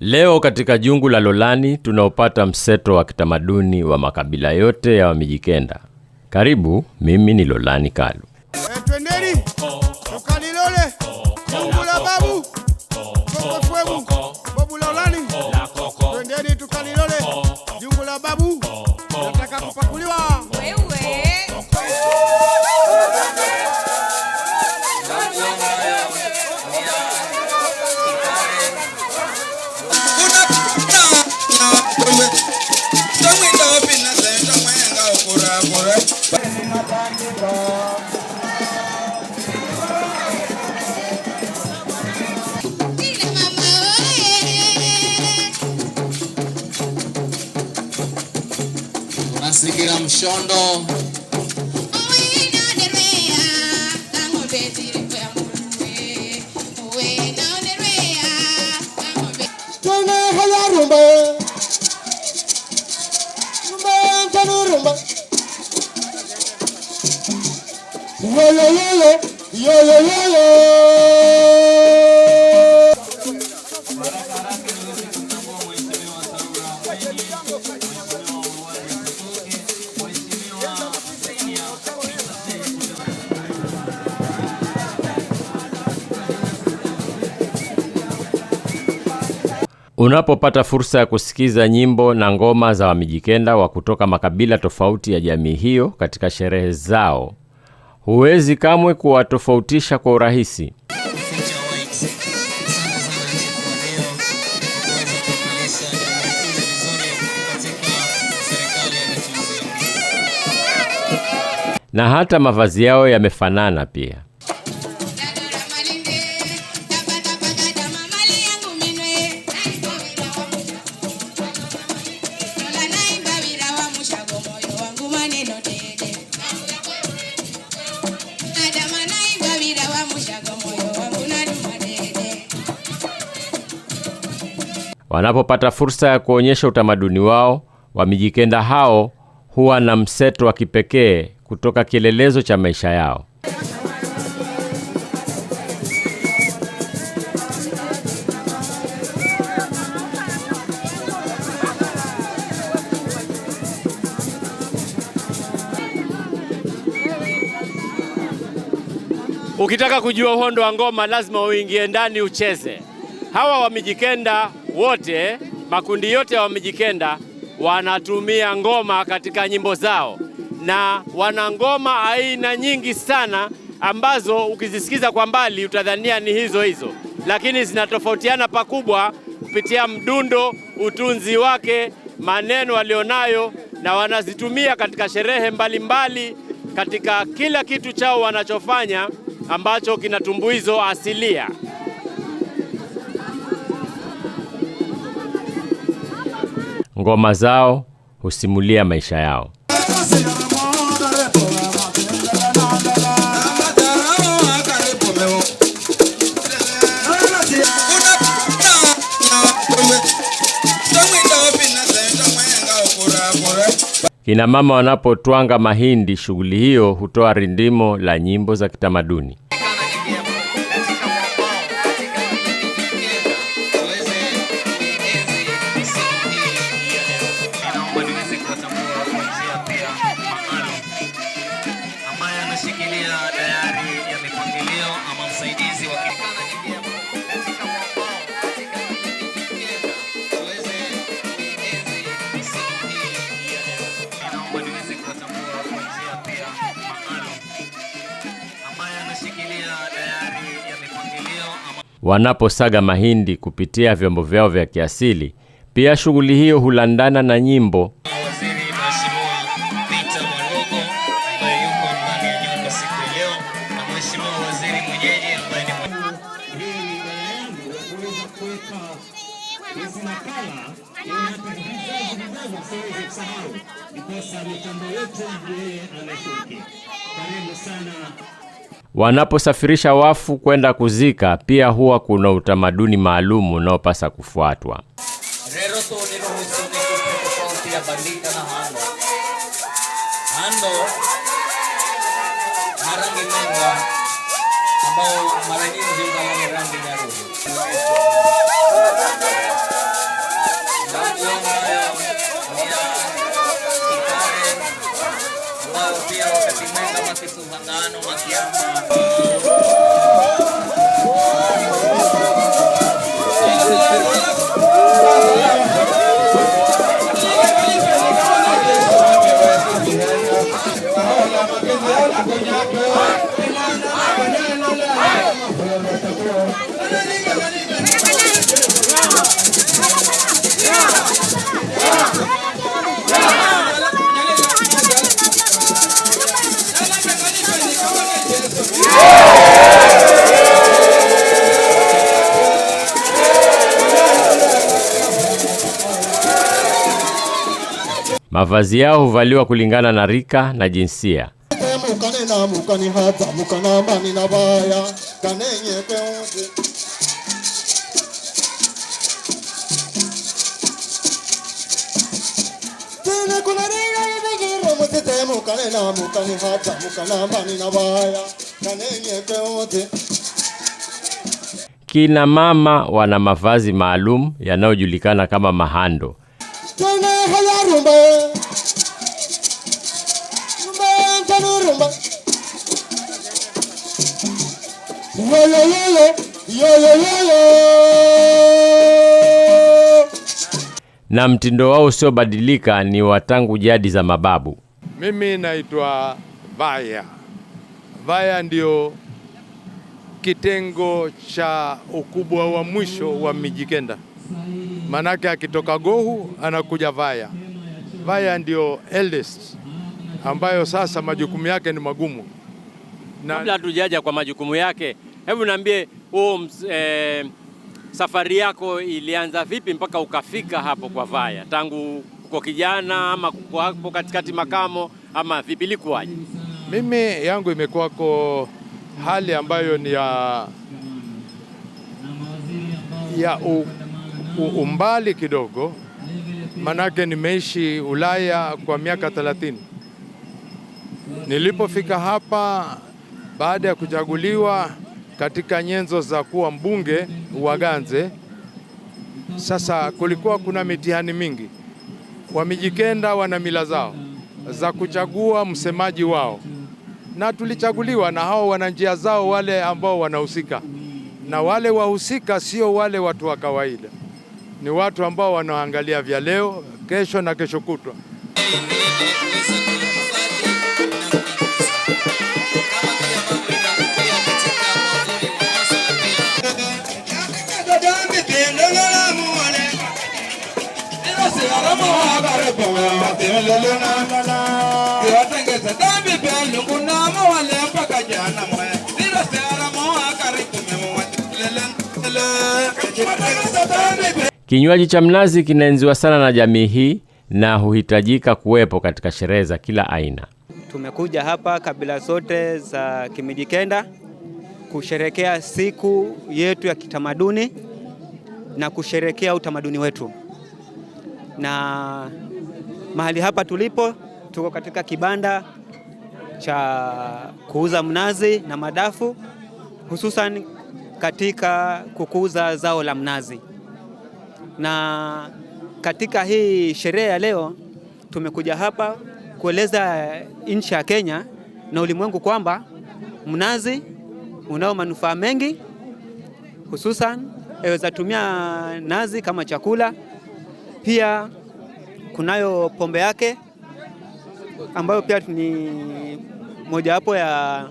Leo katika Jungu la Lolani tunaopata mseto wa kitamaduni wa makabila yote ya Wamijikenda. Karibu, mimi ni Lolani Kalu. Hey, eh, mazingira mshondo Unapopata fursa ya kusikiza nyimbo na ngoma za Wamijikenda wa kutoka makabila tofauti ya jamii hiyo katika sherehe zao, huwezi kamwe kuwatofautisha kwa urahisi. Na hata mavazi yao yamefanana pia. maneno tete. moyo wangu Wanapopata fursa ya kuonyesha utamaduni wao, Wamijikenda hao huwa na mseto wa kipekee kutoka kielelezo cha maisha yao. Ukitaka kujua uhondo wa ngoma lazima uingie ndani ucheze. Hawa wamejikenda wote, makundi yote ya wamejikenda wanatumia ngoma katika nyimbo zao, na wana ngoma aina nyingi sana ambazo ukizisikiza kwa mbali utadhania ni hizo hizo, lakini zinatofautiana pakubwa kupitia mdundo, utunzi wake, maneno walionayo, na wanazitumia katika sherehe mbalimbali mbali, katika kila kitu chao wanachofanya ambacho kina tumbuizo asilia. Ngoma zao husimulia maisha yao. Kina mama wanapotwanga mahindi, shughuli hiyo hutoa rindimo la nyimbo za kitamaduni. wanaposaga mahindi kupitia vyombo vyao vya kiasili. Pia shughuli hiyo hulandana na nyimbo Wanaposafirisha wafu kwenda kuzika, pia huwa kuna utamaduni maalum unaopasa kufuatwa. Mavazi yao huvaliwa kulingana na rika na jinsia. Kina mama wana mavazi maalum yanayojulikana kama mahando haya rumba Rumba tano rumba Yo yo yo yo Yo yo yo Na mtindo wao usiobadilika ni watangu jadi za mababu. Mimi naitwa Vaya. Vaya ndio kitengo cha ukubwa wa mwisho wa Mijikenda maanake akitoka Gohu anakuja Vaya. Vaya ndio eldest ambayo sasa majukumu yake ni magumu. Kabla hatujaja kwa majukumu yake, hebu niambie huo eh, safari yako ilianza vipi mpaka ukafika hapo kwa Vaya? Tangu uko kijana ama uko hapo katikati makamo ama vipi, ilikuwaje? Mimi yangu imekuwako hali ambayo ni ya, ya u umbali kidogo, manake nimeishi Ulaya kwa miaka 30. Nilipofika hapa baada ya kuchaguliwa katika nyenzo za kuwa mbunge wa Ganze, sasa kulikuwa kuna mitihani mingi. Wamijikenda wana mila zao za kuchagua msemaji wao, na tulichaguliwa na hao wana njia zao, wale ambao wanahusika na wale wahusika, sio wale watu wa kawaida ni watu ambao wanaangalia vya leo, kesho na kesho kutwa. Kinywaji cha mnazi kinaenziwa sana na jamii hii na huhitajika kuwepo katika sherehe za kila aina. Tumekuja hapa kabila zote za Kimijikenda kusherekea siku yetu ya kitamaduni na kusherekea utamaduni wetu, na mahali hapa tulipo, tuko katika kibanda cha kuuza mnazi na madafu, hususan katika kukuza zao la mnazi na katika hii sherehe ya leo tumekuja hapa kueleza nchi ya Kenya na ulimwengu kwamba mnazi unao manufaa mengi, hususan aweza tumia nazi kama chakula. Pia kunayo pombe yake ambayo pia ni mojawapo ya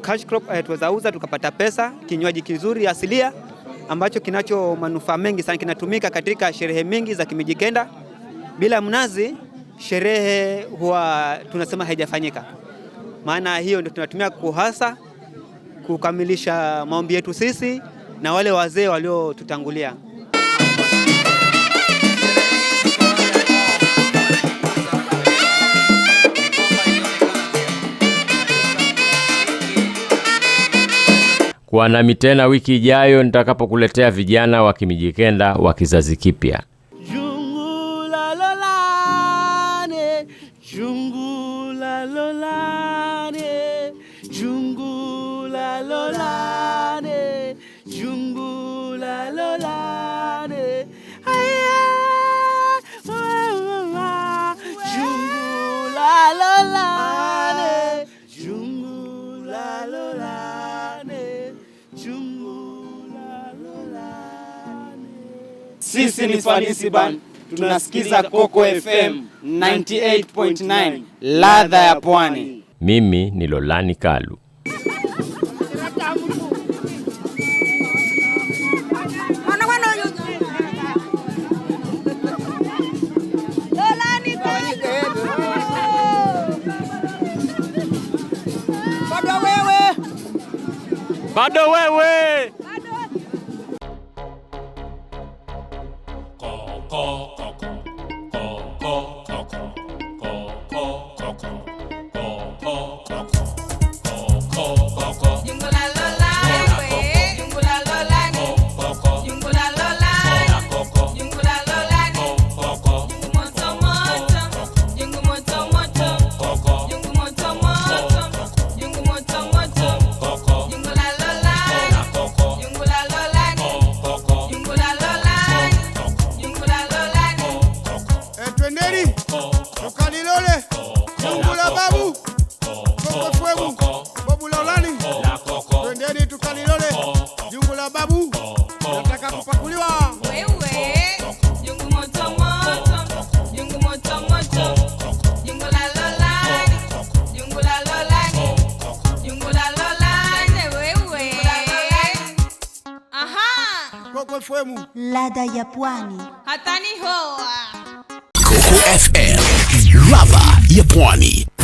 cash crop, eh, tuweza uza tukapata pesa, kinywaji kizuri asilia ambacho kinacho manufaa mengi sana, kinatumika katika sherehe mingi za Kimijikenda. Bila mnazi sherehe huwa tunasema haijafanyika. Maana hiyo ndio tunatumia kuhasa kukamilisha maombi yetu sisi na wale wazee waliotutangulia. Kuwa nami tena wiki ijayo nitakapokuletea vijana wa Kimijikenda wa kizazi kipya. Sisi ni Swanisi ban, tunasikiza Coco FM 98.9 ladha ya Pwani. Mimi ni Lolani Kalu. Bado wewe. Bado wewe. co, co, co. Marehemu ladha ya pwani hatani hoa. Coco FM ladha ya pwani.